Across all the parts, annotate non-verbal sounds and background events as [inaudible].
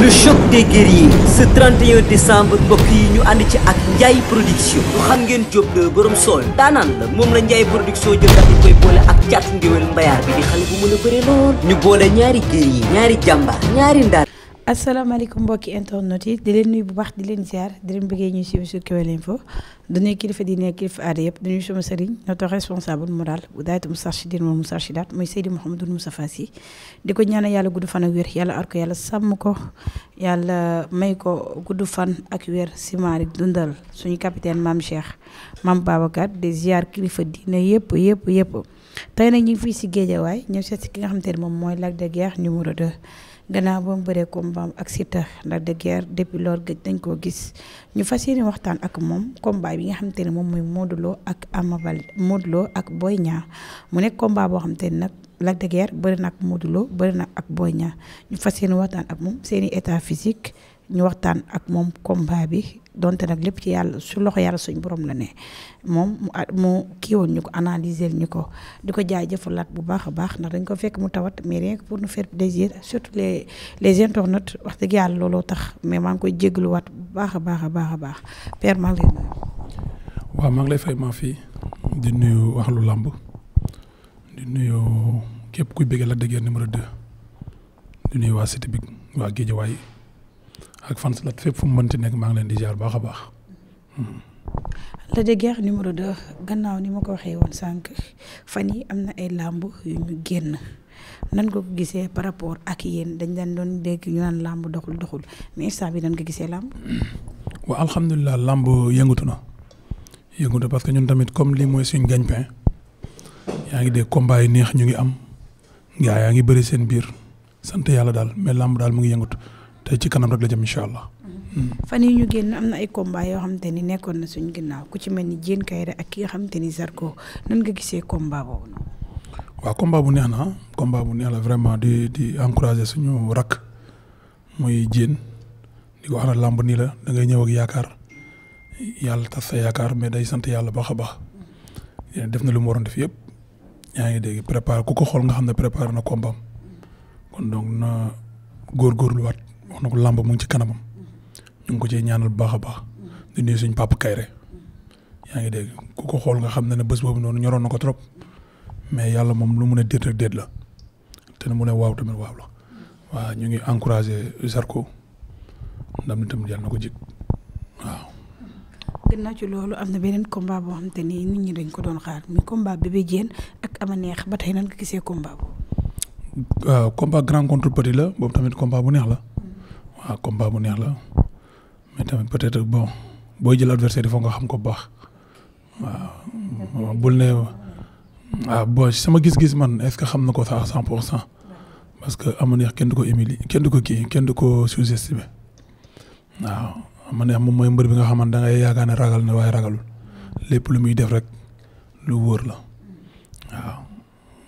le choc des guerriers ce 31 décembre mbokk yi ñu ànd ci ak njaay production ñu xam ngeen Diop de borom sool daanaan la moom la Ndiaye production jël daal di koy boole ak caatu ngéwél mbayaar bi di xale bu mën a bëre lool ñu boole ñaari guerrier ñaari jàmbaar ñaari ndaar asalaamaaleykum mbokki internet yi di leen nuyu bu baax di leen ziar di leen bëggee ñuy suivi sur Kewel Info du nuyu kilifa di nekk kilifa aada yëpp du nuyu sama sëriñ notre responsable moral bu daayatu Moustarchidine wal Moustarchidaat mooy Seydi Mouhamadou Moustapha Sy di ko ñaanal yàlla gudd fan ak wér yàlla ar ko yàlla sàmm ko yàlla may ko gudd fan ak weer si maari dundal suñu capitaine mam Cheikh mam Babacar di ziar kilifa diine yëpp yëpp yëpp tey nag ñu fii si Géejawaay ñëw seet si ki nga xamante ne moom mooy Lac de Guiers numéro 2. gannaaw ba mu bëree kombaam ak Siteu Lac de Guiers depuis dañ koo gis ñu fas yéene waxtaan ak moom combat bi nga xamante ne moom mooy Modou ak Ama Baldé Modou ak Boy Niang mu nekk combat boo xamante ne nag Lac de Guiers bëri na ak Modou bëri na ak Boy Niang ñu fas yéene waxtaan ak moom seen i état physique ñu waxtaan ak moom combat bi donte nag lépp ci yàlla su loxo yàlla suñ borom la ne moom mu kii woon ñu ko analyser ñu ko di ko jaajëfalaat bu baax a baax ndax dañ ko fekk mu tawat mais rien que pour nous faire plaisir surtout les les internautes wax dëgg yàlla looloo tax mais maa ngi koy jégluwaat bu baax a baax a baax a baax père maa ngi lay waaw maa ngi lay fay maa fii di nuyu wax lu làmb di nuyu képp kuy bëgg la déggee numéro 2 di nuyu waa Cité bi waa Guédiawaye ak fans Lat fépp fu mu mënti nekk maa ngi leen di jaar baax a baax. Lac de Guiers numéro gannaaw ni ma ko waxee woon sànq fan yi am na ay làmb yu ñu génn ko gisee par rapport ak yéen dañ leen doon dégg ñu làmb doxul doxul mais instant bi nan ko gisee làmb. waaw alhamdulilah yëngatu na yëngatu parce que ñun tamit comme lii mooy suñ gagne-pain yaa ngi dégg combat yi neex ñu ngi am gaa yaa ngi bëri seen biir sant yàlla daal mais làmb daal mu ngi yëngatu. te ci kanam rek la jëm incha allah. Mm-hmm. fan yi ñu génn am na ay combat yoo xamante ni nekkoon na suñu ginnaaw ku ci mel ni Diène Kairé ak ki nga xamante ni Zarko nan nga gisee combat boobu noonu. waaw combat bu neex na combat bu neex la vraiment di di encourager suñu rakk muy Diène di ko na làmb nii la da ngay yaakaar yàlla tas sa yaakaar mais day sant yàlla baax a baax def na lu mu waroon def yëpp yaa ngi dégg préparé ku ko xool nga xam ne préparé na combat am kon donc na góorgóorluwaat. wax na ko làmb mu ngi ci kanamam ñu ngi ko cee ñaanal baax a baax di suñ papa Kayre yaa ngi dégg ku ko xool nga xam ne ne bés boobu noonu ñoroon na ko trop mais yàlla moom lu mu ne déet rek déet la te ne mu ne waaw la waaw ñu ngi encouragé Zarko ndam itam yàlla na ko jig waaw. gannaaw ci loolu am na beneen combat boo xam te ni nit ñi dañ ko doon xaar muy combat Ama Neex ba tey nan nga gisee combat boobu. waaw euh, combat petit la boobu tamit combat bu neex la waaw ah, combat bu neex la mais tamit peut-être bon booy jël adversaire il nga xam ko bu baax waaw bul ne waaw ah, boo sama gis-gis man est-ce que xam na ko sax à cent parce que ama neex kenn du ko humilier kenn du ko kii kenn du ko sous-estimer waaw ama neex moom mooy mbër bi nga xamante da ngay yaakaar ne ragal ne waaye ragalul lépp lu muy def rek lu wóor la waaw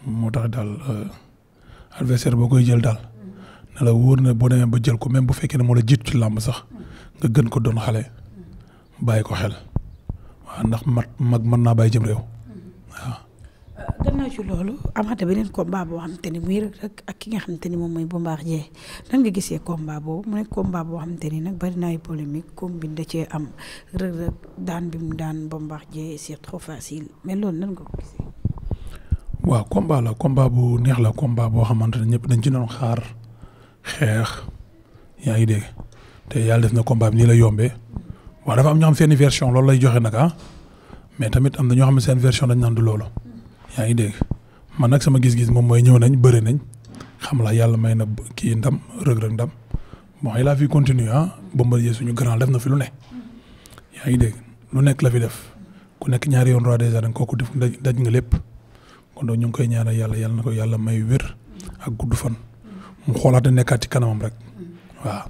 moo tax daal euh, adversaire boo koy jël daal. ne la na boo demee ba jël ko même bu fekkee ne moo la jiitu ci làmb sax nga gën ko doon xale bàyyi ko xel waaw ndax mat mag mën naa bàyyi jëm réew waaw. gannaaw euh, ci loolu amaate beneen combat boo xamante ni muy Reug Reug ki nga xamante ni moom mooy Bombardier nan nga gisee combat boobu mu nekk combat boo xamante ni nag bari na ay polémique comme da cee am Reug Reug daan bi mu daan Bombardier c'est trop facile mais loolu nan la combat bu neex la combat boo xamante ne ñëpp dañ ci doon xaar. xeex yaa ngi dégg te yàlla def na combat nii la yombee waaw dafa am ñoo xam seen version loolu lay joxe nag ah mais tamit am na ñoo xam ne seen version dañ naan du loolu yaa ngi dégg man nag sama gis-gis moom mooy ñëw nañ bëri nañ xam la yàlla may na kii ndam rëg ndam bon il a fi continuer ah Bombardier suñu grand def na fi lu ne yaa ngi dégg lu nekk la fi def ku nekk ñaari yoon roi des arènes kooku def daj nga lépp kon donc ngi koy ñaanal yàlla yàlla na ko yàlla may wér ak gudd fan. mu xoolaat a nekkaat ci kanamam rek waaw.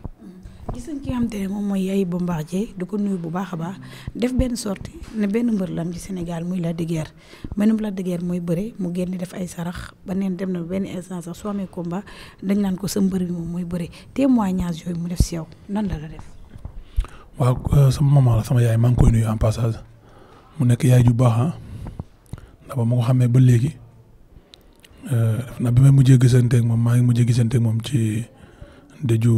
gis nañ ki nga xamante ne moom mooy mbaax jee di ko nuyu bu baax a baax def benn sortie ne benn mbër lam ci Sénégal muy la de Guiers manum Lac de Guiers mooy bëre mu génn def ay sarax ba neen dem na benn instant sax soo amee combat dañ naan ko sa mbër bi moom mooy bëre témoignage yooyu mu def si nan la la def. waaw euh, sama maman la sama yaay maa koy nuyu en passage mu nekk yaay ju baax ah ndax ba ma ko xamee ba léegi. def euh, naa bi may mujjee gisanteeg moom maa ngi mujjee gisanteeg moom ci dëju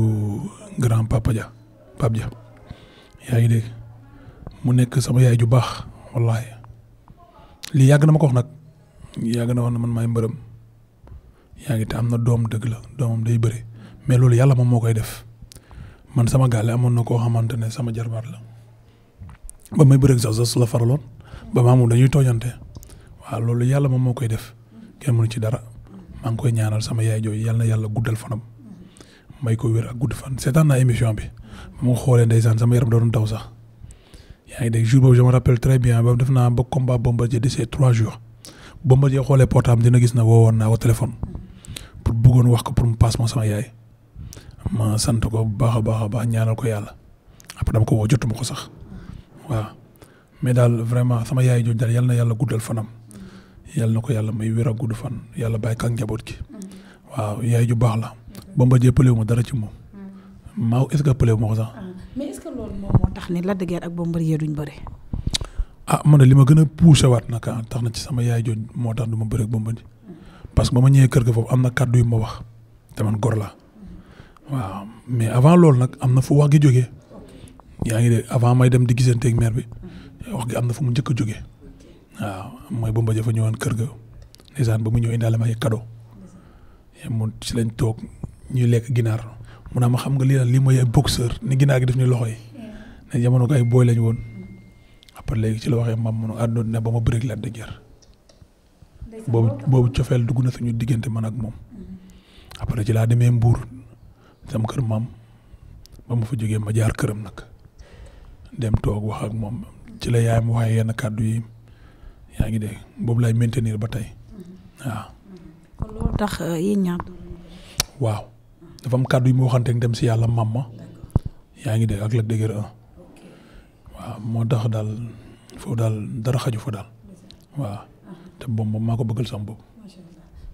grand papa Dia Pape Dia yaa ngi mu nekk sama yaay ju baax wallahi lii yàgg na ma ko wax nag yàgg na wax na man maay mbërëm yaa ngi am na doom dëgg la doomam day bëri mais loolu yàlla moom moo koy def man sama gaale amoon na koo xamante ne sama jarbaat la ba may bëreeg sax dañuy tooñante waaw loolu yàlla moom moo koy def. kenn mënu ci dara maa ngi koy ñaanal sama yaay jooju yal na yàlla guddal fanam may ko wér ak gudd fan seetaan na émission bi ba ma xoolee ndeysaan sama yaram doon daw sax yaa ngi dégg jour boobu je me rappelle très bien ba def naa ba combat Bombardier di ces trois jours Bombardier xoolee portable dina gis na woowoon naa ko téléphone pour bëggoon wax ko pour mu passe ma sama yaay ma sant ko bu baax baax a baax ñaanal ko yàlla après dama ko woo jotuma ko sax waaw mais daal vraiment sama yaay jooju daal yal na yàlla guddal fanam. yàlla na ko yàlla may wér a gudd fan yàlla bàyyi ko njaboot gi mm-hmm. waaw yaay ju baax la Bamba Dieng pëlewu ma dara ci moom mm-hmm. maa est-ce que pëlewu ma ko sax. Ah, mais est-ce que loolu moom moo tax ni Lac de Guiers ak Bombardier duñ bëri. ah man de li ma gën a poussé waat nag ah, tax na ci sama yaay jooj moo tax du ma bëri ak Bombardier mm-hmm. parce que ba ma ñëwee kër ga foofu am na kàddu yu ma wax te man gor la waaw mais avant loolu nag am na fu wax gi jógee yaa ngi de avant may dem di gisanteeg mère bi wax gi am na fu mu njëkk a jógee. waaw mooy Bomba jëfa ñëwoon kër ga ndeysaan ba mu ñëw indaale ma ay cadeau mu ci lañ toog ñuy lekk ginaar mu naa ma xam nga lii la lii mooy ay boxeur ni ginaar gi def ñu loxo yi ne jamono ko ay booy lañ woon après léegi ci la waxee maam mu ne àdduna ne ma bëreeg la de guerre boobu dugg na suñu diggante man ak moom mm-hmm. après ci laa demee mbuur sama kër maam ba ma fa jógee ma jaar këram nag dem toog wax ak moom ci la yaayam waxee yenn kàddu yi. yaa ngi dégg boobu laay maintenir ba tey mhm. waaw. tax euh, yéen ñaar waaw dafa am kàddu yu ma waxante dem si yàlla mam ma yaa ngi dégg ak la dëgër waaw moo tax daal foofu daal dara xaju fa daal waaw uh-huh. te boobu maa ko bëggal sama bopp.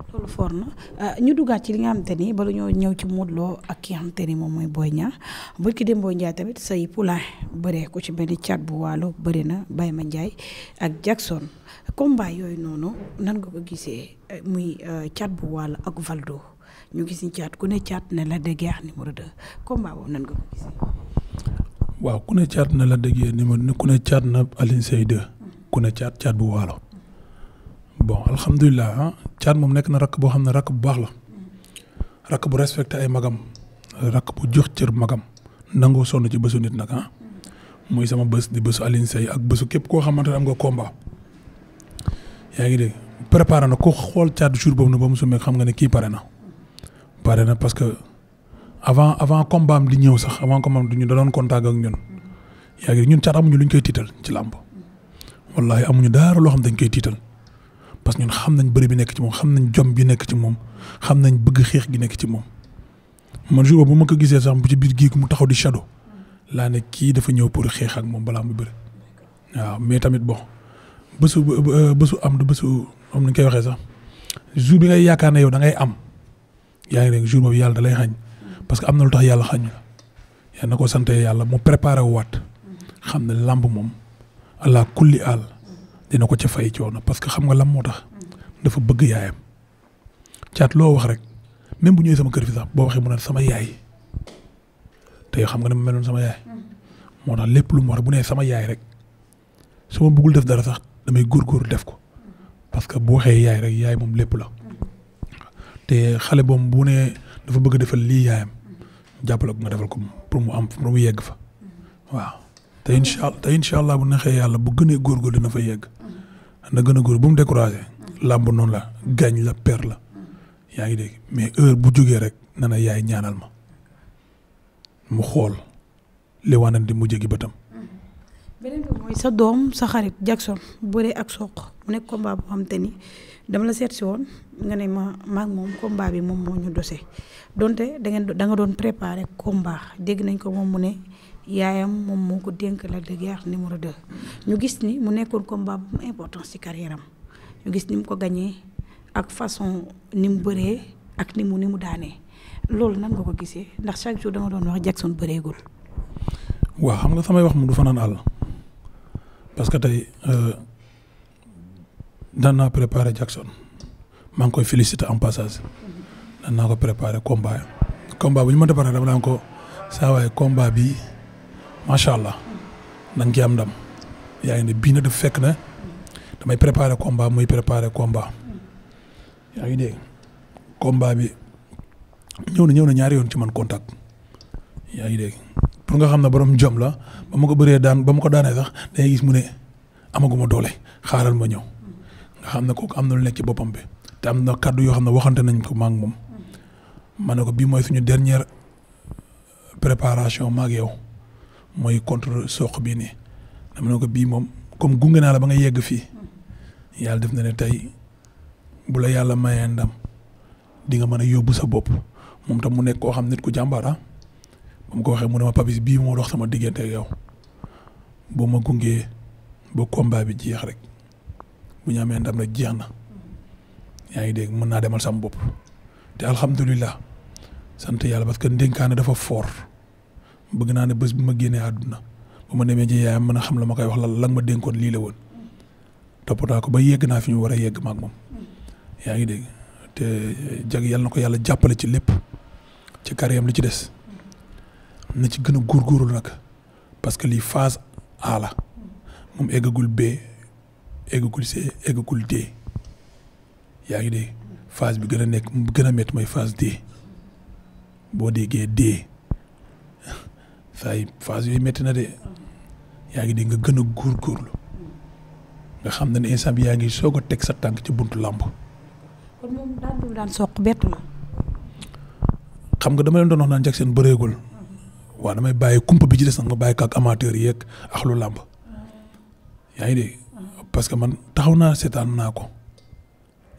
loolu for na euh, ñu duggaat ci li nga xamante ni bala ñoo ñëw ci Modou Lo ak ki nga xamante ni moom mooy Boy Niang bu ki dem Boy Niang tamit say poulain bëree ko ci benn cat bu waalo bëri na Baye Ma Ndiaye ak Jackson combat yooyu noonu nan nga ko gisee eh, muy caat eh, bu wàll ak Valdo ñu gis ni caat ku ne caat ne Lac de Guiers numéro 2 combat boobu nan ko gisee. waaw ku ne caat na Lac de Guiers numéro ku ne caat na Alioune Seye mm-hmm. ku ne caat caat bu waalo bon alhamdulilah caat ah, moom nekk na rakk boo xam ne rakk bu baax la mm-hmm. rakk bu respecté ay magam rakk bu jox cër magam nangoo sonn ci bésu nit nag ah mm-hmm. muy sama bés di bésu Alioune ak bësu képp koo xamante ne am nga combat. yaa ngi dégg préparé na ko xool caat jour boobu na ba mu sumee xam nga ne kii pare na pare na parce que avant avant combat am di ñëw sax avant combat am di ñu da doon contact ak ñun yaa ngi ñun caat amuñu lu ñu koy tiital ci làmb wallahi amuñu dara loo xam dañ koy tiital parce que ñun xam nañ bëri bi nekk ci moom xam nañ jom bi nekk ci moom xam nañ bëgg xeex gi nekk ci moom man jour boobu bu ma ko gisee sax bu ci biir gii mu taxaw di shadow laa ne kii dafa ñëw pour xeex ak moom balaa mu bëri waaw mais tamit bon bésu euh, bésu am du bésu am nañu koy waxee sax jour bi ngay yaakaar ne yow da ngay am yaa ngi dégg jour yàlla da lay xañ parce que am na lu tax yàlla xañu la yal na ko sante yàlla mu préparé waat xam ne làmb moom allah kulli àll dina ko ca fay coono parce que xam nga lam moo tax dafa bëgg yaayam caat loo wax rek même bu ñëwee sama kër fi sax boo waxee mu ne sama yaay te xam nga ne ma meloon sama yaay moo tax lépp lu mu wax bu nee sama yaay rek su ma bëggul def dara sax damay góor def ko parce que boo waxee yaay rek yaay moom lépp la te xale boom bu ne dafa bëgg defal lii yaayam jàppale ko nga defal ko pour mu am pour mu yegg fa waaw te incha allah te incha allah bu neexee yàlla bu gënee góorgóor dina fa yegg na gën a góor bu mu découragé làmb noonu la gaañ la per la yaa ngi dégg mais heure bu jógee rek na na yaay ñaanal ma mu xool li wanan di mujj gi bëtam beneen bi mooy sa doom sa xarit Jackson bëre ak soq mu nekk combat boo xam ni dama la seet si woon nga ne ma maag moom combat bi moom moo ñu dosee donte da ngeen da nga doon préparer combat dégg nañ ko moom mu ne yaayam moom moo ko dénk la de guerre numéro de ñu gis ni mu nekkoon combat bu mu importance ci carrière am ñu gis ni mu ko gañee ak façon ni mu bëree ak ni mu ni mu daanee loolu nan nga ko gisee ndax chaque jour da nga doon wax Jackson bëreegul. waaw xam nga samay wax mu du fanaan àll. parce que tey euh, daan naa préparé Jackson maa ngi koy félicité en passage daan ko préparé combat comba bu ñu mënta pare dama daan ko saa waaye bi macha allah nang nga am ndam yaa ngi na daf fekk ne damay préparé comba muy préparé combat yaa ngi dégg combat bi ñëw na ñëw na ñaari yoon ci man contact yaa ngi dégg. pour nga xam ne borom jom la ba ma ko bëree ba ma ko daanee sax day gis mu ne amaguma doole xaaral ma ñëw nga xam ne kook am na lu nekk ci boppam bi te am na kàddu xam ne waxante nañ ko maak ma ne ko bii mooy suñu dernière préparation maak yow mooy contre soq bii nii dama ne ko bii moom comme gunge naa la ba nga yegg fii yàlla def na ne tey bu la yàlla mayee ndam di nga mën a yóbbu sa bopp moom tam mu nekk koo xam nit ku jàmbaara ah. ba ko waxee mu ne ma papis moo dox sama diggante ak ma gungee ba combat bi jeex rek bu ñu amee ndam jeex na yaa ngi dégg mën naa demal sama bopp te alhamdulilah sant yàlla parce que ndénkaane dafa fort bëgg naa ne bés bu ma génnee àdduna ba ma demee ci yaayam mën a xam la ma koy wax la lan ma dénkoon lii la woon toppatoo ko ba yegg naa fi ñu war a yegg maak moom yaa ngi dégg te jag yàlla na ko yàlla jàppale ci lépp ci carrière am li ci des. na ci gën a góorgóorlu nag parce que lii phase A la moom eggagul B eggagul C eggagul yaa ngi dégg phase bi gën a nekk mu gën a métti mooy phase D boo déggee D saa yi phase yooyu métti na de yaa ngi dégg nga gën a góorgóorlu nga xam ne ne instant bi yaa ngi soog a teg sa tànk ci buntu làmb. kon moom nga dama leen doon wax naan jag seen bëreegul. waa damay bàyyi kumpa bi ci des ma bàyyi ko ak amateur yi yeeg ak yaa ngi dégg parce que man taxaw naa seetaan naa ko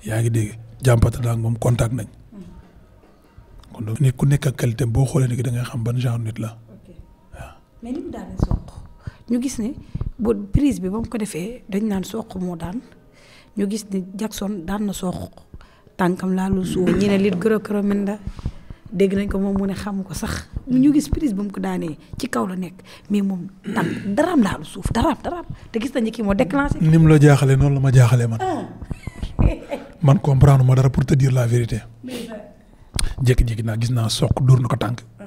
yaa ngi dégg jàmpata daal moom contact nañ kon donc nit ku nekk ak qualité boo xoolee ni da ngay xam ban genre nit la waaw. mais ni mu daanee soq prise bi ba ko defee dañ naan soq moo daan ñu gis ne Jackson daan na soq tànkam laalul suuf ñu ne lit dégg nañ ko moom mu ne xamu ko sax ñu gis prise ba mu ko daanee ci kaw la nekk mais moom tam daraam laalu suuf daraam daraam te gis nañu kii moo déclenché. ni mu la jaaxalee noonu la ma jaaxalee man. Ah. [laughs] man comprendre ma dara pour te dire la vérité. jékki-jékki naa gis naa soq dóor na ko tànk. Ah.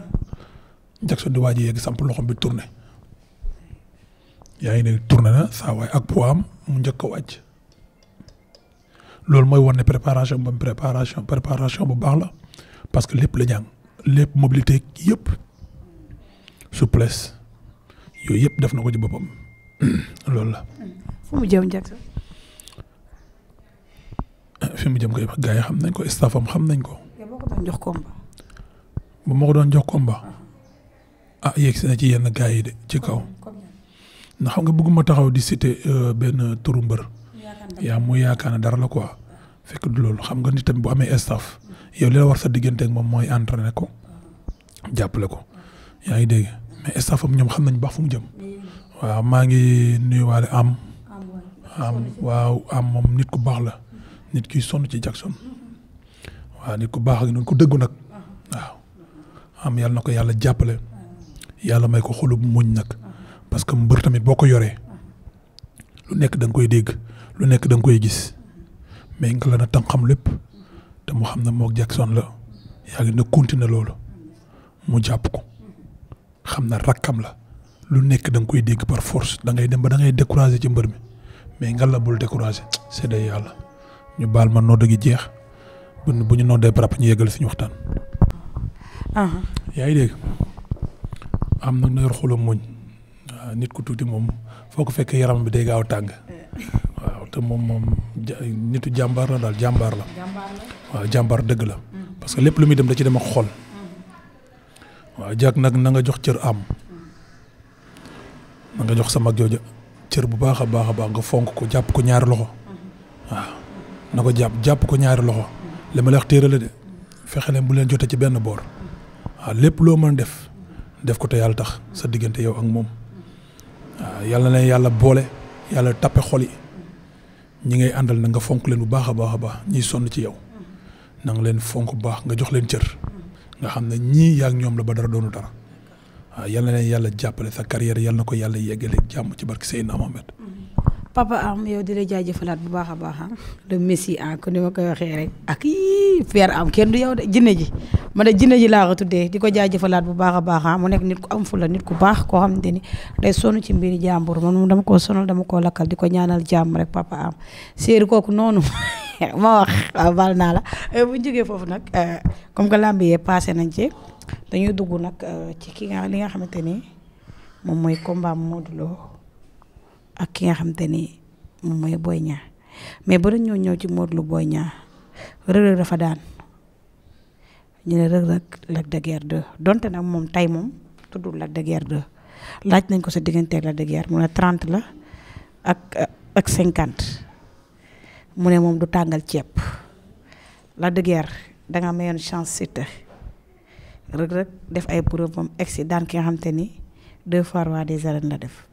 Jackson di waaj a samp loxom bi tourné. yaa ngi ne tourné na saa waay ak poids am mu njëkk a wàcc. loolu mooy wan ne préparation ba préparation préparation bu baax la. parce que lépp la jàng lépp mobilité yëpp souplesse yooyu yëpp def na ko ci boppam [clears throat] loolu la. fu mu jëm Jackson. [clears throat] fi mu jëm koy gars yi xam nañ ko staffam xam nañ ko. boo jox combat. ba ma ko doon jox combat. ah yegg si na ci yenn gars yi de ci kaw. ndax xam nga bëgguma taxaw di citer euh, benn turu mbër. yaa mu yaakaar ne dara la quoi. fekk du loolu xam nga ni tamit bu amee staf yow li la war sa diggante moom mooy entraîné ko jàppale ko yaa ngi dégg mais staff am ñoom xam nañ baax fu mu jëm waaw maa ngi nuyuwaale am am waaw am moom nit ku baax la nit ki sonn ci Jackson waaw nit ku baax ak nit ku dëggu nag waaw am yàlla na ko yàlla jàppale yàlla may ko xolub muñ nag parce que mbër tamit boo ko yoree lu nekk da koy dégg lu nekk da nga koy gis. mais nga la tan xam lépp te mu xam ne moog Jackson la yaa ngi ne continuer loolu mu jàpp ko xam na rakkam la lu nekk da nga koy dégg par force da ngay dem ba da ngay découragé ci mbër mi mais nga la bul découragé c'est yàlla ñu baal ma nodd gi jeex bu ñu noddee parap ñu yeggal ñu waxtaan. Uh-huh. yaa ngi dégg am na na yor xolam muñ nit ku tuuti moom foo ko fekkee yaram bi day gaaw a tàng. waaw te moom moom nitu jàmbaar la daal jàmbaar la. waaw jàmbaar dëgg la. Mm. parce que lépp lu muy dem da ci dem ak xol. Mm. waaw jàkk nag nanga jox cër am. Mm. na nga jox sa mag jooja cër bu baax a baax a baax nga fonk ko jàpp ko ñaari loxo. waaw na ko jàpp jàpp ko ñaari loxo. li ma la wax téere la de fexe leen bu leen jotee ci benn boor. waaw lépp loo mën def def ko te yàlla tax sa diggante yow ak moom waaw yàlla na leen yàlla boole. yàlla tappe xol yi ñi ngay àndal na nga fonk leen bu baax a baax a baax ñi sonn ci yow na leen fonk bu baax nga jox leen cër nga xam ne ñii yaak ñoom la ba dara doonu dara waaw yal na leen yàlla jàppale sa carrière yal na ko yàlla yeggale jàmm ci barke Seydina Mohamed papa am yow di la jaajëfalaat bu baax a baax ah. le messi ah ku ni ma koy waxee rek ak yii père am kenn du yow de jinne ji ma ne jinne ji laa ko tuddee di ko jaajëfalaat bu baax a baax ah. mu nekk nit ku am fula nit ku baax koo xamante ni day sonn ci mbiri jàmbur man moom dama koo sonal dama koo di ko ñaanal jàmm rek papa am kooku noonu [laughs] ma wax waaw ah, naa la eh, bu ñu jógee foofu nag eh, comme que làmb yee passé nañ da dañuy dugg nag eh, ci ki nga li nga xamante ni moom mooy combat Modou Lo ak ki nga xamante ni moom mooy booy Niang mais ba dañoo ñëw ci Modou lu booy Niang Reug Reug dafa daan ñu ne Reug Reug Lac de Guiers donte nag moom tey moom tuddul la de Guiers laaj nañ ko sa digganteeg Lac de Guiers mu ne 30 la ak ak 50 mu ne moom du tàngal ceeb la de danga da nga mayoon chance Siteu Reug Reug def ay preuve moom egg si daan ki nga xamante ni deux fois roi des arènes la def.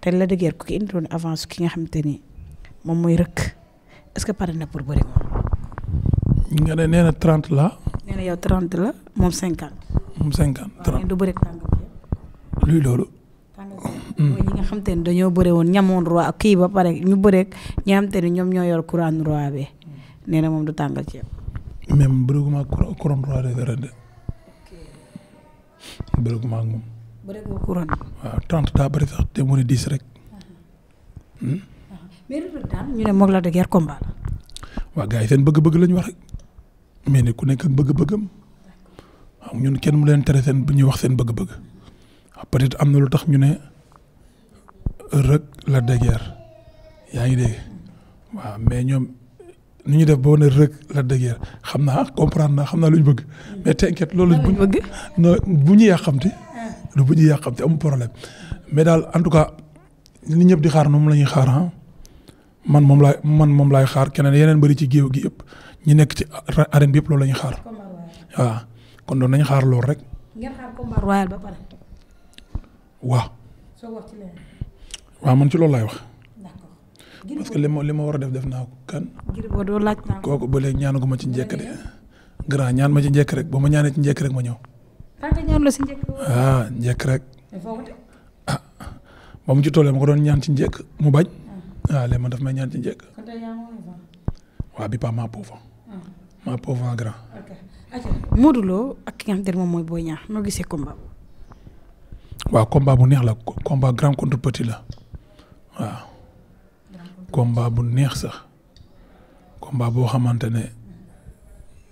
te la dëggeer ku ki indiloon avance ki nga xamante ni moom mooy rëkk est-ce que pare na pour bëri moom. nga ne nee na la. nee na yow la moom 50. mom 50 30 du bëri luy loolu. mooy ñi nga xamante ni dañoo bëre woon ñamoon roi ak kii ba pare ñu bëreeg ñi nga xamante ñoom ñoo yor couronne roi bi nee na moom du tàngal ceeb. même bëreeguma couronne roi de verre de. bëreeguma ak moom. bëri nga couronne. waaw trente daa bëri sax te mu ne dix rek. Hmm? mais ñu ne moog la guerre combat waaw gars yi seen bëgg-bëgg la wax rek mais ne ku nekk ak bëgg-bëggam waaw ñun kenn mu leen tere seen bu ñuy wax seen bëgg-bëgg peut-être am na lu tax ñu ne rek la guerre yaa ngi dégg waaw mais ñoom nu ñu def boo ne rek la de guerre xam naa comprendre naa xam naa lu ñu bëgg hmm. mais t'inquiète loolu. bu ñu bëgg bu ñu yàqamti du bu ñu yàqam te amul problème mais daal en tout cas ñëpp di xaar moom la ñuy xaar ah man moom laay man moom laay xaar keneen yeneen bëri ci géew gi yëpp ñu nekk ci arène bi yëpp loolu la ñuy xaar. waaw kon doon nañu xaar loolu rek. ngeen xaar combat ci leneen. waaw man ci loolu laay wax. parce li ma li ma war a def def naa ko kan. ngir boo doo laaj kooku ba léegi ñaanaguma ci njëkk de. grand ñaan ma ci njëkk rek ba ma ñaanee ci njëkk rek ma ñëw. tànk ñaan ah njëkk rek. ah ba mu ci tollee ma ko doon ñaan njëkk mu bañ. Ah. ah léegi man daf may ñaan ci ma pauvre. ma pauvre en grand. Modou Lo ak ki nga xamante moom mooy Boy Niang noo gisee combat. waaw combat bu neex la combat grand contre la waaw. combat bu neex sax combat boo xamante ne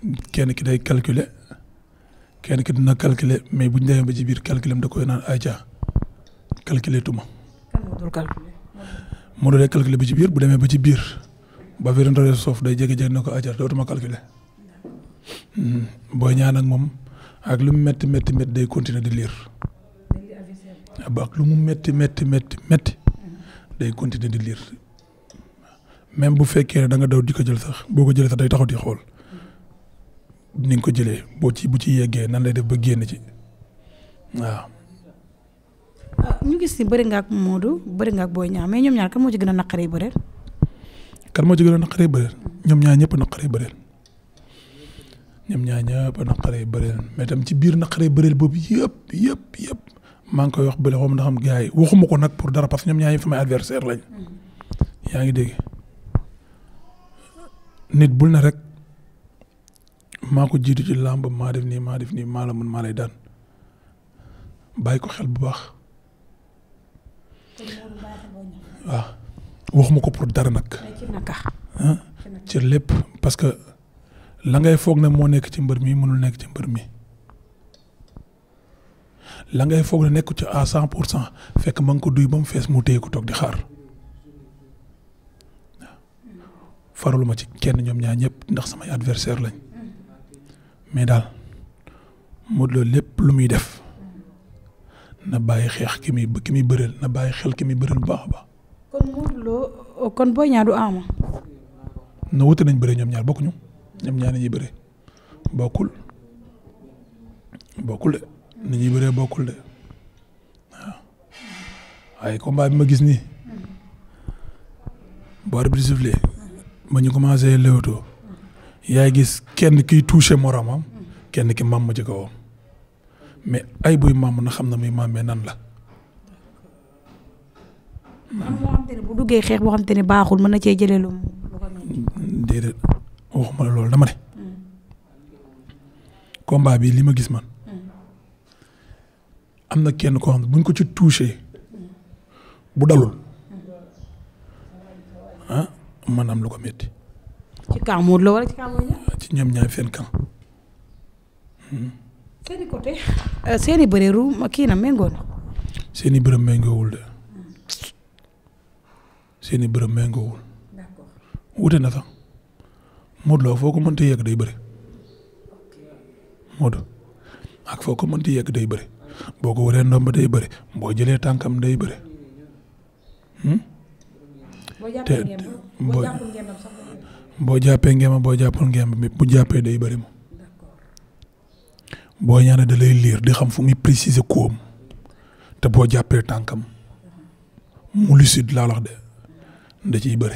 mm. kenn ki day calculer. kenn ki dina calculer mais bu ñu demee ba ci biir calculam da koy naan ayca calculer tuma. moo doon calculer ba ci biir bu demee ba ci biir ba virantore soof day jékki-jékki na ko ayca dootuma calculer hmm, booy ñaan ak moom ak lu mu metti métti métti day continuer di liir ba ak lu mu métti métti métti métti day continuer bu fekkee da danga daw di ko jël sax boo ko jëlee sax day taxaw di xool. ni nga ko jëlee boo ci bu ci yeggee nan lay def ba génn ci waaw. Ah, ñu gis ni bari nga ak bari bëri nga ak Boy Niang mais ñoom ñaar kan moo ci gën a naqaree bëreel. kan moo ci gën a naqaree bëreel ñoom ñaar ñëpp naqaree bëreel ñoom ñaar ñëpp naqaree bëreel tam ci biir naqaree bëreel boobu yëpp yëpp yëpp maa ngi koy wax bële xaw ma xam gars yi ko nag pour dara parce que ñoom ñaar yi fi may adversaire lañ mm-hmm. yaa ngi dégg nit bul na rek. maa ko jiitu ci làmb maa def nii maa def nii maa la mën maa lay daan bàyyi ko xel bu baax. waaw waxuma ko pour dara nag. ci lépp parce que la ngay foog na moo nekk ci mbër mi mënul nekk ci mbër mi la ngay foog na nekku ci à cent pour cent fekk ma nga ko duy ba mu fees mu téye ko toog di xaar faraluma ci kenn ñoom ñaar ñëpp ndax samay adversaire lañ. mais daal Modou Lo lépp lu muy def na bàyyi xeex ki muy na bàyyi xel ki muy bëreel bu baax a baax. kon Modou Lo kon Boy Niang du Ama. na wute nañ bëre ñoom ñaar bokkuñu ñoom ñaar nañuy bëre bokkul bokkul de ni ñuy bëree bokkul de waaw waaye combat bi ma gis nii. bu arbitre bi sifflé ba ñu commencé léewtoo yaa gis kenn kiy touché moromam kenn ki màmm ci kawam mais ay buy màmm na xam na muy màmmee la. am moo xam te ne bu duggee xeex boo xam te ne baaxul mën na cee jëlee lu déedéet waxuma dama ne. combat bi li ma gis man. am na kenn koo xam ne buñ ko ci touché. bu dalul. ah man am lu ci camp Modou Lo ci camp Boy Niang. Ah, ci ñoom ñaar seen camp. Hmm. seen i côté euh, seen i bëreeru kii na méngoo na. seen i bërëm méngoowul de seen i bërëm méngoowul. d'accord wute day bëri Modou ak foo ko mënti yegg day bëri boo ko waree ndomb day bëri boo jëlee tànkam day bëri. Hmm? boo jàppee ngeen ngeema boo jàppul ngeem bi bu jàppee day bari moom boo ñaanee da lay liir di xam fu muy préciser boo jàppee tànkam mu lucide laa wax de da ciy bu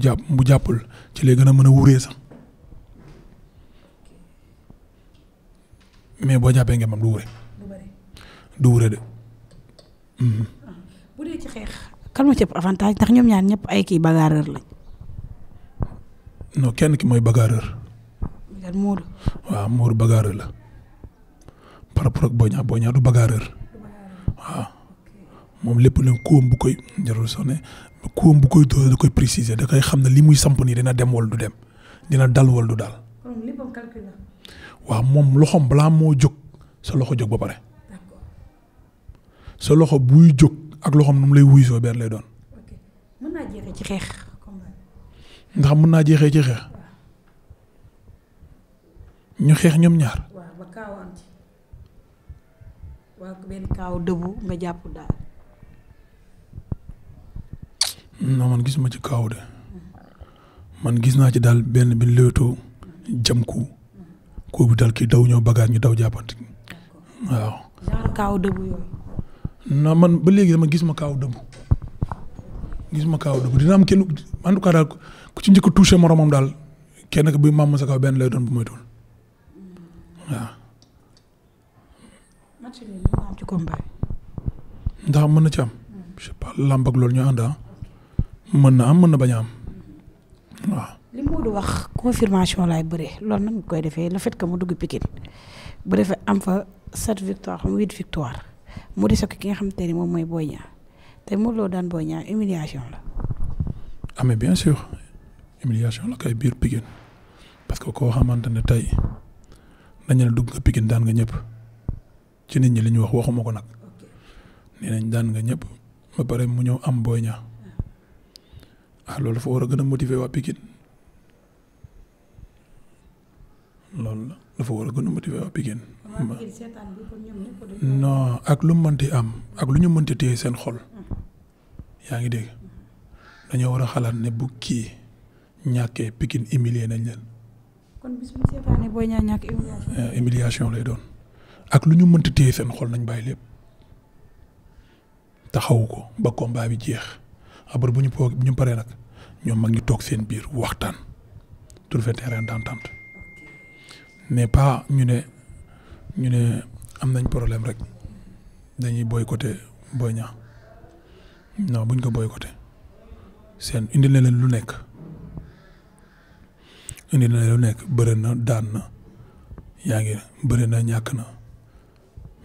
jàpp bu jàppul ci lay gën a mën a wuree sax mais boo jàppee ngeemam du wure. du wure de. Mhm. Ah. kan moo ci ëpp avantage ndax ñoom ñaar ñëpp ay kii bagarreur lañ. non kenn ki mooy bagarreur. gan Moodu. waaw la par rapport ak Boña Boña du bagarreur moom lépp lu kóom bu koy jarul sax ne kóom bu koy dóor da koy préciser da koy xam ne li muy samp nii dina dem wala du dem dina dal wala du dal. waaw moom loxoom balaa moo jóg sa loxo jóg ba pare. sa loxo buy jóg. ak loo xam lay wuyu soo benn lay doon. ok mun naa jeexee ci xeex. ñu xeex ñoom ñaar. kaaw am ci jàpp daal. non man gisuma ci kaaw de man gis naa ci daal benn bi léetoo jam ku koo bi daal kii daw ñëw bagaar ñu daw jàppante waaw. non man ba léegi dama gis ma kaaw dëbb gis ma kaaw dëbb dina am kenn en tout cas ku ci njëkk a touché moromam daal kenn ku bi maam sa kaw benn lay doon bu moytuwul waaw. ndax mën na ci am. Hmm. je sais pas loolu ñu ah. mën na am mën na bañ a am waaw. li Modou wax confirmation laay bëree loolu nag ñu koy defee le fait que mu dugg Pikine bu defee am fa sept victoire xam huit victoire. mu des ak ki nga xamante ni moom mooy Boy te Modou Lo daan Boy Niang humiliation la. ah mais bien sûr humiliation la kay biir Pikine parce que koo xamante ne tey dañu ne dugg nga Pikine daan nga ñëpp ci nit ñi li wax waxuma ko nag nee nañ daan nga ñëpp ba pare mu ñëw am Boy Niang ah loolu dafa war a gën a motiver waa Pikine loolu dafa war a gën a motiver waa Pikine non ak lu mënti am ak lu ñu mënti téye seen xol mm-hmm. yaa ngi dégg dañoo war a xalaat ne bu kii ñàkkee pikin humilier nañ leen. kon bis eh, lay doon ak lu ñu mënti téye seen xol nañ bàyyi lépp taxawu ko ba combat bi jeex après bu ñu po bu ñu paree nag ñoom mag ñu toog seen biir waxtaan trouver terrain d'entente mais pas ñu ne. ñu ne am nañ problème rek dañuy boycotté Boy ñax non buñ ko boycotté seen indi na leen lu nekk indi na leen lu nekk bëri na daan na yaa ngi bëri na ñàkk na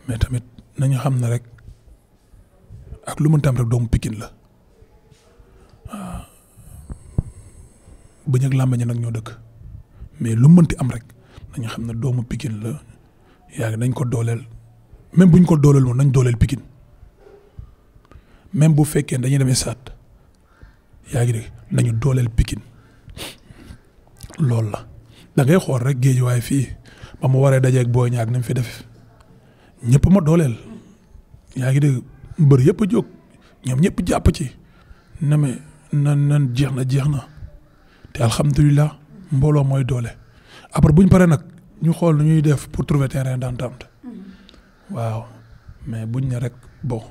mais tamit nañu xam ne rek ak lu mën tam rek doomu pikin la waaw bëñ ak làmbañ nag ñoo dëkk mais lu mënti am rek nañu xam ne doomu Pikine la yaa nañ ko dooleel même bu ñu ko dooleel woon nañ dooleel pikin même bu fekkee dañuy demee saat yaa ngi dégg dooleel Pikine loolu la da xool rek géej waaye fii ba mu waree dajeek booy ñaag ni mu fi def ñëpp ma dooleel yaa ngi dégg mbër yëpp a jóg ñoom ñëpp jàpp ci na na jeex na jeex na te alhamdulilah mbooloo mooy doole après bu ñu paree nag. ñu xool nu ñuy def pour trouver terrain d'entente mm-hmm. waaw mais buñ ne rek bon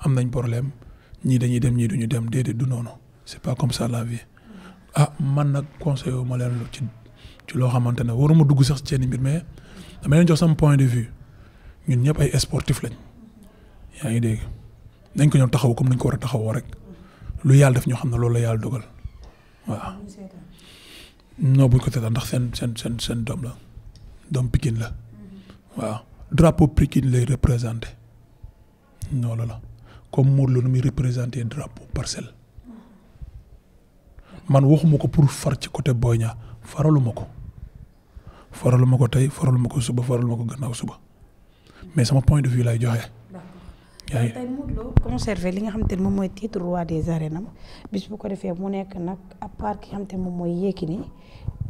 am nañ problème ñii dañuy dem ñii duñu dem déedéet du noonu c'est pas comme ça la vie mm-hmm. ah man nag conseil wu ma leen ci ci loo xamante ne ma dugg sax seen mbir mais dama na jox sama point de vue ñun ñëpp ay sportif lañ yaa ngi dégg nañ ko ñëw taxaw comme nañ ko war taxawoo rek lu yàlla def ñoo xam ne loolu la yàlla dogal waaw. Mm-hmm. non buñ ko seetaan ndax seen seen seen seen doom la. don Pikine la waaw drapeau Pikine lay représenté loolu la comme Modou Lo nu muy représenté drapeau parcelle man waxuma ko pour far ci côté booy Niang faraluma ko faraluma ko tey faraluma ko suba faraluma ko gannaaw suba mais sama point de vue lay joxe. yaa tey Modou Lo conservé li nga xam te ne moom mooy titre roi des arènes bis bu ko defee mu nekk nag a part ki xam te ne moom mooy Yékini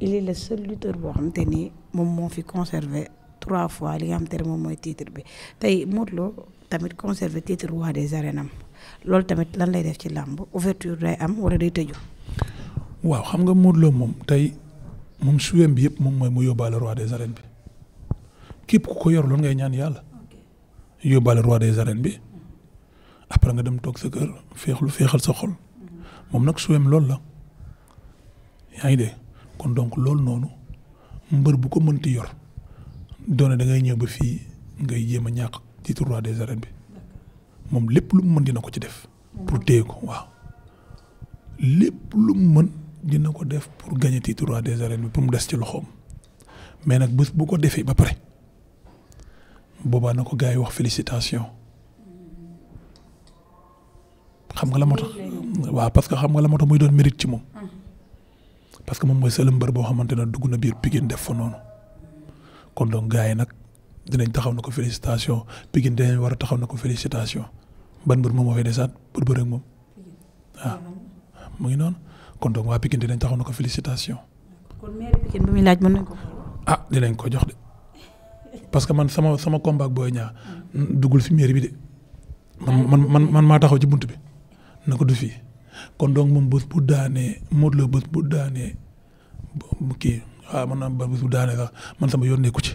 il est le seul lutteur boo xamante ni moom moo fi conservé trois fois li nga xamante ne moom mooy titre bi tey Modou Lo tamit conservé titre roi des arènes am loolu tamit lan lay def ci làmb ouverture day am wala day tëju. waaw xam nga Modou Lo moom tey moom suweem bi yëpp moom mooy mu yóbbaale roi des arènes bi képp ku ko yor loolu ngay ñaan yàlla yóbbaale roi des arènes bi après nga dem toog sa kër féexlu féexal sa xol mm-hmm. moom nag suweem loolu la yaa ngi kon donc loolu noonu mbër bu ko mënti yor doone da ngay ñëw ba fii ngay jéem a ñàkk ci tournoi des arènes bi moom lépp lu mu mën dina ko ci def. pour téye ko waaw lépp lu mu mën dina ko def pour gagner titre roi des arènes bi pour mu des ci loxoom mais nag bés bu ko defee ba pare boobaa na ko gars yi wax félicitation xam nga la moto waa waaw parce que xam nga la moto tax muy doon mérite ci moom. parce que moom mooy seul mbër boo xamante ne dugg na biir Pikine def fa noonu kon donc gars yi nag dinañ taxaw na ko félicitation Pikine dinañ war a taxaw na ko félicitation ban mbër moom moo fay desaat pour bëre ah, mu ngi noonu kon donc waa Pikine dinañ taxaw na ko félicitation. kon maire Pikine ah, dinañ ko jox de parce que man sama sama combat booy ñaa duggul fi mairie bi de man man man maa taxaw ci bunt bi na ko du fii kon donc moom bés bu daanee Modou Lo bu daanee bu kii waaw man naa bés bu daanee sax man sama yoon nekku ci.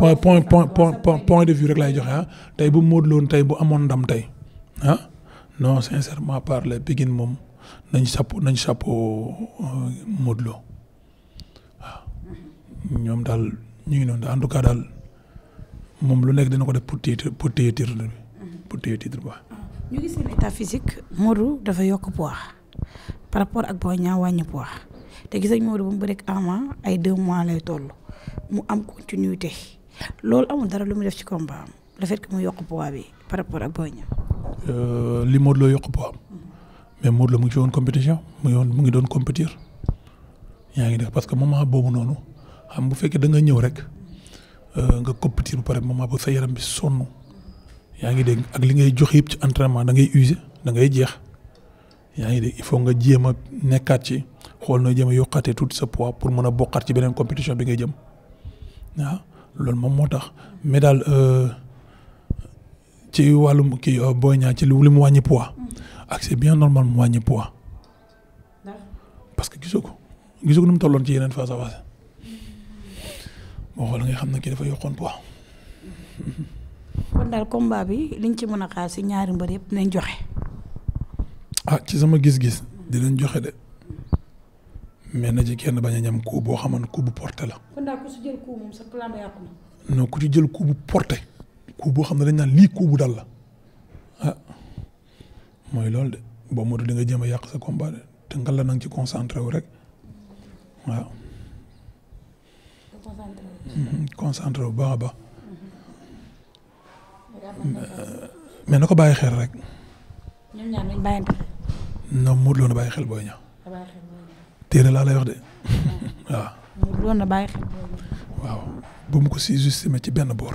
waaw point point point point de vue rek laay joxe ah tey bu Modou Lo tey bu amoon ndam tey ah non sincèrement parler Pikine moom nañ chapeau nañ chapeau euh, Modou Lo waaw ñoom daal ñu ngi noonu en tout cas daal moom lu nekk dina ko def pour téye pour téye titre bi ba ñu gis seen état physique dafa yokk poids par rapport ak Boy Niang wàññi poids te gis nañ Modou ba mu bëreeg Ama ay deux mois lay toll mu am te loolu amul dara lu muy def ci combat am le fait mu yokk poids bi par rapport ak Boy Niang. Euh, li Modou la yokk poids mais Modou la mu ngi ci woon compétition mu ngi mu ngi doon compétir yaa ngi def parce que moom moment boobu noonu xam bu fekkee da nga ñëw rek euh, nga compétir bu pare moment bu sa yaram bi son yaa ngi dégg ak li ngay jox yëpp ci entraînement da ngay user da ngay jeex yaa ngi dégg il faut nga jéem a nekkaat ci xool noo jéem a yokkaatee tuuti sa poids pour mën a bokkaat ci beneen compétition bi ngay jëm waaw loolu moom moo tax mais daal euh, ci wàllum kii euh, Boy Niang ci li mu wàññi poids mm-hmm. ak bien normal mu wàññi poids parce que gisoo ko gisoo ko nu mu tolloon ci yeneen face à face mm-hmm. boo xool nga xam ne kii dafa yokkoon kon daal combat bi liñ ci mën a xaar si ñaari mbër yëpp dinañ joxe. ah ci sama gis-gis dinañ joxe de mais na ci kenn bañ a ñam coup boo xaman coup bu porté la. kon ku ci jël coup bu porté. boo xam ne dañ naan lii coup bu dal la ah mooy loolu de boo motu di nga jéem a yàq sa combat de te ngal la na ci concentré wu rek waaw. concentré mhm, baax a baax. Euh, mais na ko bàyyi xel rek. ñoom ñaar nañ bàyyi xel Boy Niang. téere laa lay wax de [laughs] waaw. Modou ko sous-estimé ci benn boor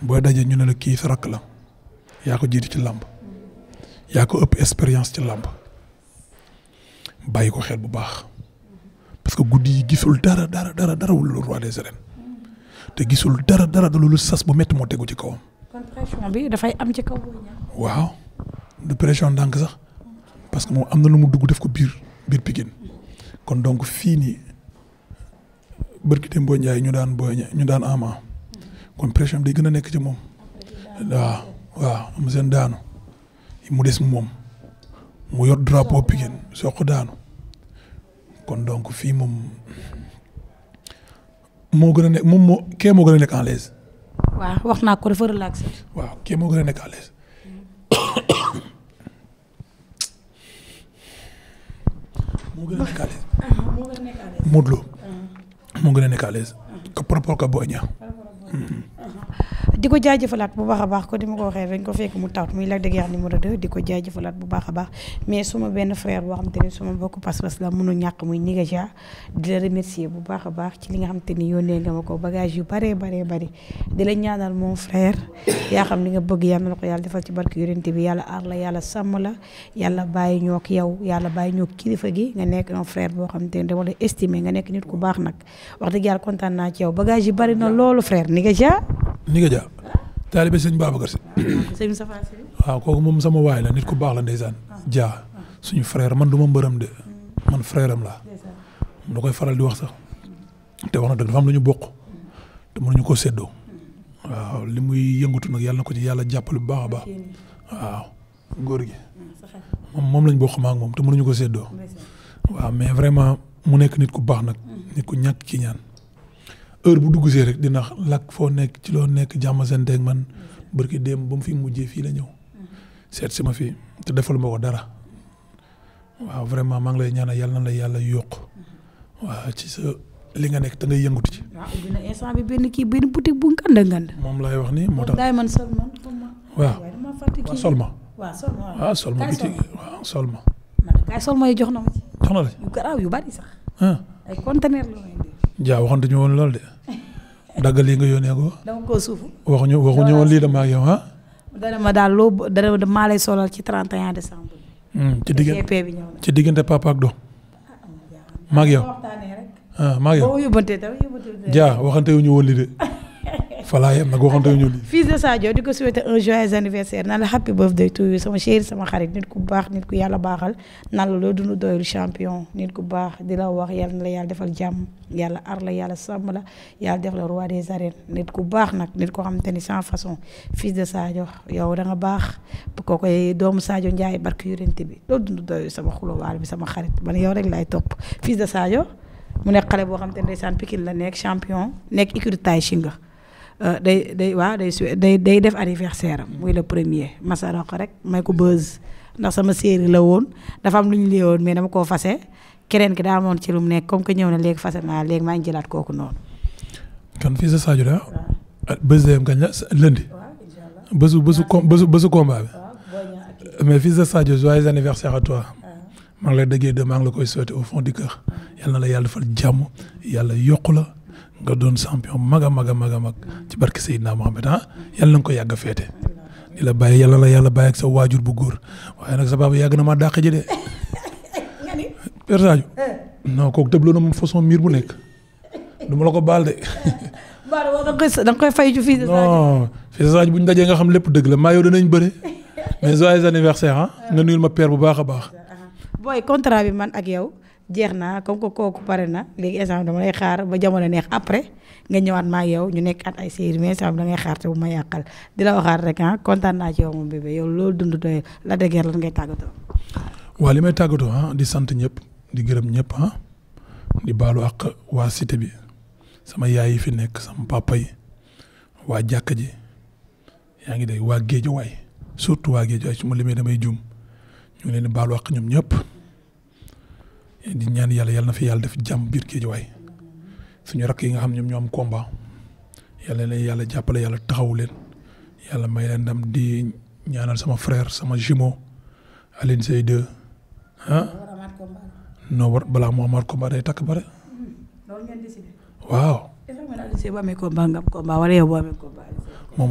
booy dajee ñu ne la kii sa rakk la yaa ko jiitu ci làmb yaa ko ëpp expérience ci làmb bàyyi ko xel bu baax parce que guddi yi gisul dara dara dara dara wul le roi des arènes te gisul dara dara da lu sas bu métti moo tegu ci kawam. kon dafay am ci kaw waaw du pression ndànk sax parce que moom am na lu mu dugg def ko biir biir Pikine kon donc fii nii barki boo Ndiaye ñu daan booy ñu daan ama kon pression bi day gën a nekk ci moom. waaw waaw seen daanu mu des moom mu yor drapeau Pikine soq daanu kon donc fii moom. moo gën a ne moom moo kee moo gën a nekk en l'aise. waaw wax naa ko dafa relaxé. waaw kee moo gën a nekk en l'aise. [coughs] moo gën a nekk à l'aise. [coughs] Uh-huh, moo gën a nekk à l'aise. moo gën a nekk à l'aise. que par rapport di ko jaajëfalaat bu baax a baax ko di ma ko waxee dañ ko fekk mu taw muy Lac de Guiers numéro 2 di ko jaajëfalaat bu baax a baax mais suma benn frère boo xam ne suma bokk pas-pas la mënu ñàkk muy Nigeja di bu baax a baax ci li nga xam te ni yónnee nga ma ko bagage yu baree baree bari di la ñaanal mon frère [coughs] yaa xam li nga bëgg yàlla na ko yàlla defal ci barke yonente bi yàlla aar la yàlla sàmm la yàlla bàyyi ñoo yow yàlla bàyyi ñoo kilifa gi nga nekk un frère boo xam te ne dama la estimé nga nekk nit ku baax nag wax dëgg yàlla kontaan naa ci yow bagage yi bari na loolu frère Nigeja Dia taalibe sëñ Babacar Si waaw kooku moom sama waay la nit ku baax la ndeysaan Dia suñu frère man du ma mbërëm de man frère am la da koy faral di wax sax te wax na dëgg dafa am lu ñu bokk te mënuñu ko séddoo waaw li muy yëngatu nag yàlla na ko ci yàlla jàppale bu baax a baax waaw góor gi moom moom lañ bokk ma ak moom te mënuñu ko séddoo waaw mais vraiment mu nekk nit ku baax nag mm. nit ku ñàkk ci ñaan heure bu dugg see rek dina lakk foo nekk ci loo nekk jàmm sante ak man barki démb ba mu fi mujjee fii la ñëw seet si ma fii te defal ma ko dara waaw vraiment maa ngi lay ñaanal yàlla na lay yàlla yokk waaw ci sa li nga nekk da ngay yëngutu ci. waaw dina instant bi benn kii benn boutique bu nganda moom laay wax nii moo tax man kay Solman yi jox na ma ci. jox yu bari sax. Ah. jaa waxante ñu woon lool de daggal nga yónnee ko. dama ko suuf. waxuñu waxuñu woon lii dama ma da loo dara maa solal ci 31 décembre. Hmm, ci diggante ci diggante papa ak doom. maag ah, yow ah maag yow. Ah, jaa waxante [laughs] voilà yéen nag waxanteel ñu. fils de Sadio di ko souhaiter un joyeux anniversaire naan la happy birthday to you sama chéri sama xarit nit ku baax nit ku yàlla baaxal naan loo dund doyul champion nit ku baax di wax yàlla na la yàlla defal jàmm yàlla ar la yàlla sàmm la yàlla def la roi des arènes nit ku baax nag nit ko xamante ni sans façon fils de Sadio yow da nga baax ko doomu Sadio Ndiaye barke yurente bi loo dund doyul sama xulóowaal bi sama xarit man yow rek laay topp fils de Sadio mu nekk xale boo xamante ne ndeysaan Pikine la nekk champion nekk écurie Tay Shinga Euh, day day waaw day day day def anniversaire am muy le premier masaroq rek may ko buzz ndax sama série la woon dafa am lu ñu lee woon mais dama koo fase keneen ki daa amoon ci lu mu nekk comme que ñëw na léegi fase naa léegi maa ngi jëlaat kooku noonu. kon fii sa Sadio da ah, buzz am kañ la lundi. bësu bësu com bësu bësu combat bi. mais fils de Sadio joyeux ah. maa ngi lay déggee de maa la koy souhaiter au fond du cœur. Ah. yàlla na la yàlla defal jàmm yàlla yokk la. nga doon champion mag a mag a mag a mag ci barke Seydina Mohamed ah yàlla na nga ko yàgg a féete di la bàyyi yàlla la yàlla bàyyi ak sa waajur bu góor waaye nag sa baaba yàgg na maa dàq ji de. Père Sadio eh. non kooku tëbloo na miir bu nekk du ma la ko baal de. [laughs] waaw da koy fay ci fii de bu ñu dajee nga xam lépp dëgg la maa yow danañ bëre [laughs] mais joyeux anniversaire ah. ah nga nuyul ma père bu baax a baax. Ah. booy contrat bi man ak yow. jeex na comme que kooku pare na léegi instant dama lay xaar ba jamono neex après nga ñëwaat maa yow ñu nekk at ay séeréer mais instant da ngay xaar te bu ma yàqal di la waxaat rek ah kontaan naa ci yow moom bébé yow loolu dund doyul la de guerre lan ngay tàggatoo. waaw li may tàggatoo ah di sant ñëpp di gërëm ñëpp ah di baalu àq waa cité bi sama yaay yi fi nekk sama papa yi waa jàkka ji yaa ngi dégg waa géejo waay surtout waa géejo waay su ma limee damay juum ñu ngi leen di baalu àq ñoom ñëpp. di ñaan yàlla yàlla na fi yàlla def jàmm biir Géejawaay suñu rakk yi nga xam ñoom ñoo am combat yàlla na yàlla jàppale yàlla taxawu leen yàlla may leen ndam di ñaanal sama frère sama jumeau Alioune Seye 2 ah. non war balaa moo amaat combat day takk bare. Hmm, waaw.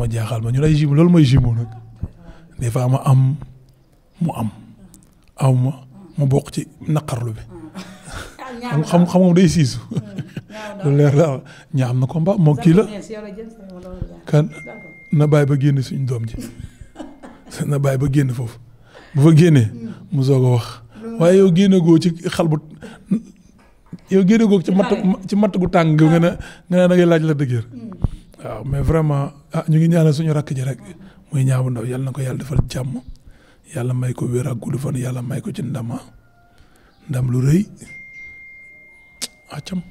a jaaxal ma ñu lay jumeau loolu mooy jumeau fois ma am mu am aw mu bokk ci naqarlu bi. xam xam day siisu. [laughs] lu leer la ñaa am na combat moom kii la. kan na baay ba génn suñu doom ji. [laughs] na baay ba génn foofu. bu fa génnee mu soog a wax. waaye yow génne goo ci xal bu yow génne goo ci matt ci matt gu tàng nga ne nga ne da ngay laaj la dëgër. Hmm. waaw mais vraiment ah ñu ngi ñaanal suñu rakk ji rek muy Niang bu Ndaw yàlla na ko yàlla defal jàmm yàlla may ko wér ak gudd fan yàlla may ko ci ndama ah. ndam lu rëy. accam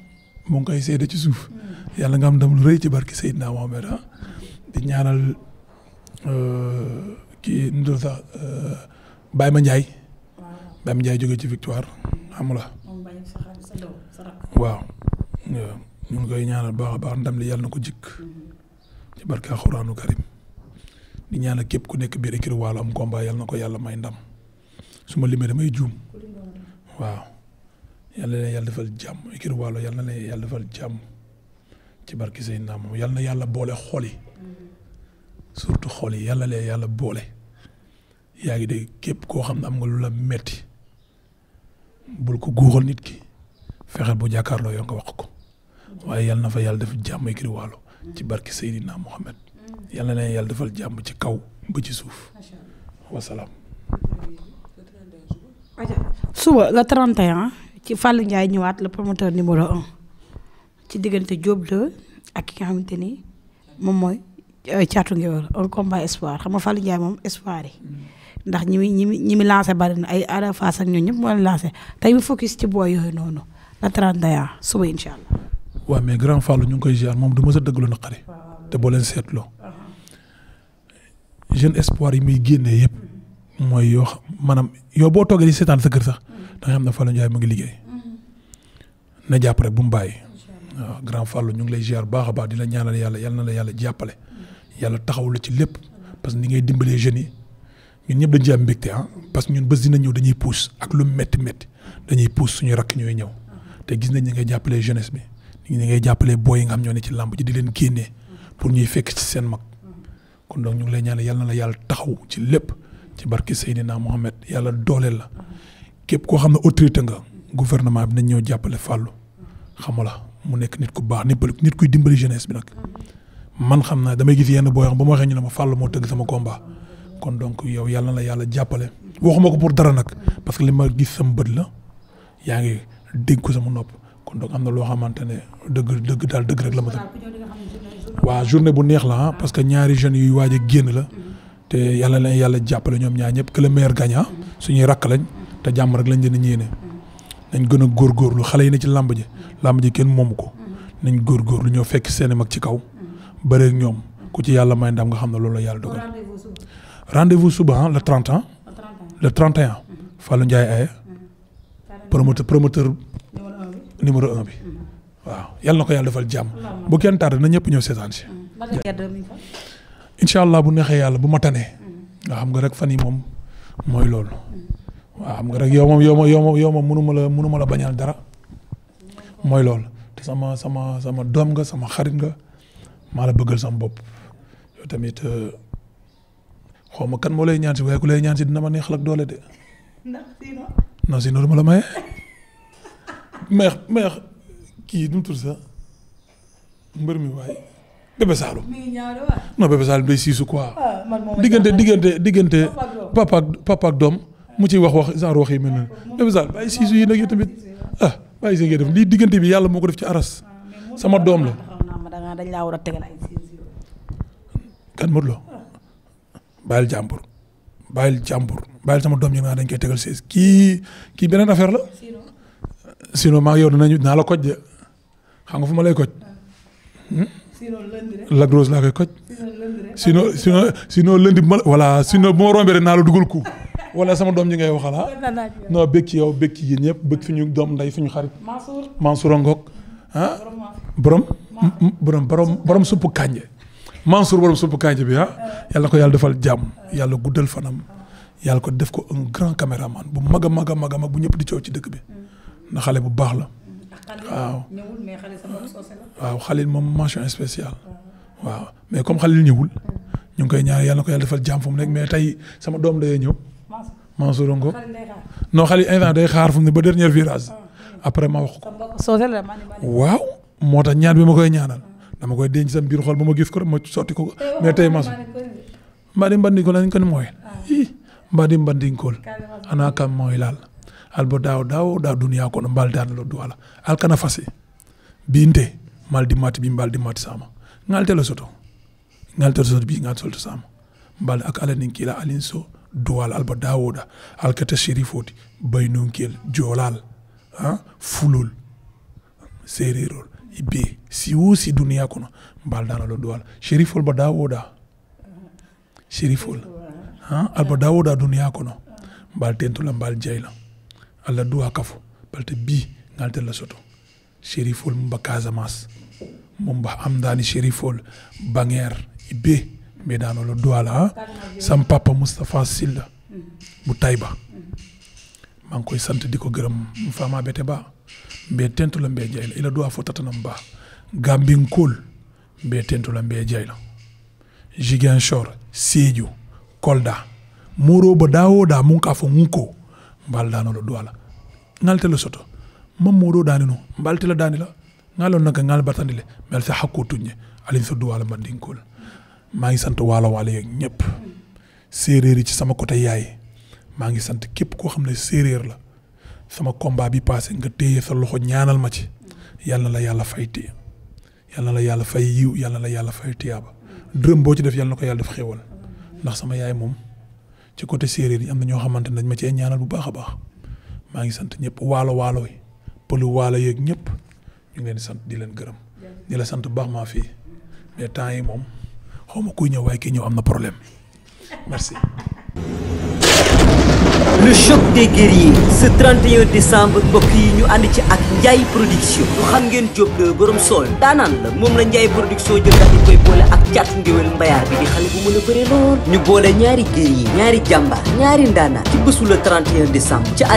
mu ngi koy seede ci suuf yàlla nga am ndam lu rëy ci barki Seydina Mohamed ah di ñaanal euh, kii nu sax euh, Baye Ma Ndiaye Baye Ma Ndiaye jógee ci victoire xam waaw ñu ngi koy ñaanal baax baax ndam li yàlla na ko jikk mm-hmm. ci barki Alxuraanu Karim di ñaanal képp ku nekk biir écurie Walo am combat yàlla na ko yàlla may ndam su ma limee damay juum waaw. yàlla na leen yàlla defal jàmm ikir wàllu yàlla na leen yàlla defal jàmm ci barki say naam moom yàlla na yàlla boole xol yi surtout xol yàlla na leen yàlla boole yaa ngi de képp koo xam ne am nga lu la metti bul ku guuxal nit ki fexeel bu jàkkaarloo yoo nga wax ko waaye yàlla na fa yàlla def jàmm ikir wàllu ci barki Seydina Mohamed yàlla na leen yàlla defal jàmm ci kaw bu ci suuf wasalaam. suba la 31. ci Fallou Ndiaye ñëwaat la promoteur numéro un ci diggante Diop 2 ak ki nga xamante ni moom mooy euh, Thiatou Nguéweul un combat espoir xam nga Fallou Ndiaye moom espoir yi. Mm. ndax ñi muy ñi muy ñi muy lancé bari na ay Ada Fass ak ñooñu ñëpp moo leen lancé tey mu focus ci booy yooyu noonu la 31 suba incha allah. waaw mais grand Fallou ñu ngi koy ziar moom du mës a dëgg lu naqari. te boo leen seetloo. Uh-huh. jeune espoir yi muy génnee yëpp. mooy yoo xam maanaam yow boo toogee di seetaan sa kër sax. da nga xam ne Fallou Ndiaye mu ngi liggéey mm-hmm. na jàppale rek bu mu bàyyi waaw grand Fallou ñu ngi lay ziar baax a baax di la ñaanal yàlla yal na la yàlla jàppale mm-hmm. yàlla taxaw la ci lépp parce que ni ngay dimbalee jeunes yi ñun ñëpp dañ ci am mbégte ah. parce que ñun bés dina ñëw dañuy pousse ak lu métti métti dañuy pousse suñu rakk ñooy ñëw mm-hmm. te gis nañ ñi ngay jàppalee jeunesse bi ñi ngay jàppalee booy yi nga xam ñoo ne ci làmb ji di leen génnee pour ñuy fekk ci seen mag kon donc ñu ngi lay ñaanal yal na la yàlla taxaw ci lépp ci barke Seydina Mohamed yàlla dooleel la képp koo xam ne autorité nga gouvernement bi nañ ñëw jàppale Fallou xam la mu nekk nit ku baax nit nit kuy dimbali jeunesse bi nag man xam naa damay gis yenn boo xam ba ma waxee ñu ne ma Fallou moo tëgg sama combat kon donc yow yàlla na la yàlla jàppale waxuma ko pour dara nag parce que li ma gis sama bët la yaa ngi dégg ko sama nopp kon donc am na loo xamante ne dëgg dëgg daal dëgg rek la ma dëgg waaw journée bu neex la ah, parce que ñaari jeunes yuy waaj a génn la te yàlla na yàlla jàppale ñoom ñaar ñëpp que le meilleur gagne ah. suñuy rakk lañ. te jàmm rek lañ leen di yéene nañ gën a góorgóorlu xale yi ne ci làmb ji làmb ji kenn moomu ko nañ góorgóorlu ñoo fekk seen mag ci kaw bëreeg ñoom ku ci yàlla may ndam nga xam ne loolu la yàlla dogal. rendez-vous suba le 30 ans. le 31. Fallou Ndiaye aye promoteur promoteur numéro un bi. waaw yàlla na ko yàlla defal jàmm. bu kenn tardé na ñëpp ñëw seetaan si. incha allah bu neexee yàlla bu ma nga xam nga rek fan yi moom mooy loolu. waaw xam nga rek yow moom yow moom yow moom yow moom mënuma la mënuma la bañal dara mooy lool te sama sama sama doom nga sama xarit nga maa la bëggal sama bopp yow tamit euh, xaw ma kan moo lay ñaan si waaye ku lay ñaan si dina ma neexal ak doole de. ndax sinon. non sinon du ma la meex kii nu mu tudd mbër mi waaye. Bébé Saloum non Bébé Saloum day siisu quoi. Ah, diggante diggante diggante papa ak papa ak doom. mu ciy wax wax genre wax yi mel noonu même genre bàyyi siisu yi nag yow tamit ah bàyyi si ngay def lii diggante bi yàlla moo ko def ci aras sama doom la. kan Modou Lo bàyyil jàmbur bàyyil jàmbur bàyyil sama doom yi nga dañ koy tegal siis kii kii beneen affaire la sinon maa yow dinañu dinaa la koj de xam nga fu ma lay koj. Hmm? Lac Rose laa koy koj. sinon sinon sinon lëndi bu ma voilà sinon bu ma rombee rek naa la dugal ku. wala sama doom ñi ngay waxal ah. non bëgg ci yow bëgg ci yéen ñëpp bëgg fi ñu doom nday fi ñu xarit. Mansour Mansour Ngok ah? borom borom borom borom suppu kànje. Mansour borom suppu kànje bi ah. Eh. yàlla ko yàlla defal jàmm yàlla guddal fanam. yàlla ko def ko un grand caméraman bu a mag a mag a mag bu ñëpp di coow ci dëkk bi. Mm. na xale bu baax la. waaw waaw moom mention spéciale mm. waaw mais comme xalil ñëwul mm. ñu ngi koy ñaar yàlla ko yàlla defal jàmm fu nekk mais tey sama doom dayee ñëw Mansour Ngo no xale instant day xaar fu mu ne ba dernier virage après ma wax ko waaw moo tax ñaan bi ma koy ñaanal dama koy denc sam biir xol ba ma gis ko rek ma sotti ko eh, mais tey Mansour mbaadi mbandinkool añ ko ni mooy ah. mbaadi mbandinkool ana kam mooy laal albo daaw daaw daa duniyaa kono mbaal daan loddu ala alkana fasi biinte mal di mati bi mbaal di mati sama ngalte la soto ngalte la soto bi ngalte soto sama mbaal ak ala nin kiila alin so duwal alba dawoɗa alkata sérifoti baynonkel joolal ha fulol sérérol be si wo si duniya kono mbaldana ɗo duwal sérifol ba dawoɗa sérifol ha alba dawoɗa duniya kono mbal tentola mbal jeyla allah duwa kafo balte bi ngal tella soto sérifol mumba casamas mumba amdani sérifol baŋer ibe Medano la Douala ah. sam papa Moustapha Sylla bu Taïba maa ngi koy sant di ko gërëm mu faamaa bete ba mbee tentu la mbee jay la ila duwaa fo tatanam ba Gambinkool mbee tentu la mbee jay la Ziguinchor Sédhiou Kolda moro ba daawo daa mun kaa fo ŋunkoo mbaal daano la Douala ŋalte la soto mam moɗo dani no mbalte la dani la ŋalon naga ŋal batandi le mais alsa hakko tuñe alin so duwala mbaɗɗinkol maa ngi sant waalo waalo yeeg ñëpp séeréer yi ci sama côté yaay maa ngi sant képp koo xam ne séeréer la sama combat bi passé nga téye sa loxo ñaanal ma ci yàlla la yàlla fay yàlla la yàlla fay yiw yàlla la yàlla fay tiyaaba dërëm boo ci def yàlla ko yàlla def xéewal ndax sama yaay moom ci côté séeréer yi am na ñoo xamante ne dañ ma cee ñaanal bu baax a baax maa ngi sant ñëpp waalo waalo yi pëlu waalo yeeg ñëpp ñu leen sant di leen gërëm di la sant baax maa fii mais temps yi moom. xaw ma kuy ñëw waaye kii ñëw am na problème merci. le choc des guerriers ce 31 décembre mbokk yi ñu ànd ci ak njaay production ñu xam ngeen Diop la borom sol daanaan la moom la Ndiaye production jël daal di koy boole ak caatu ngéwél mbayaar bi di xale bu mën a bëre lool ñu boole ñaari guerriers ñaari jàmbaar ñaari ndaanaan ci bésu le 31 décembre ci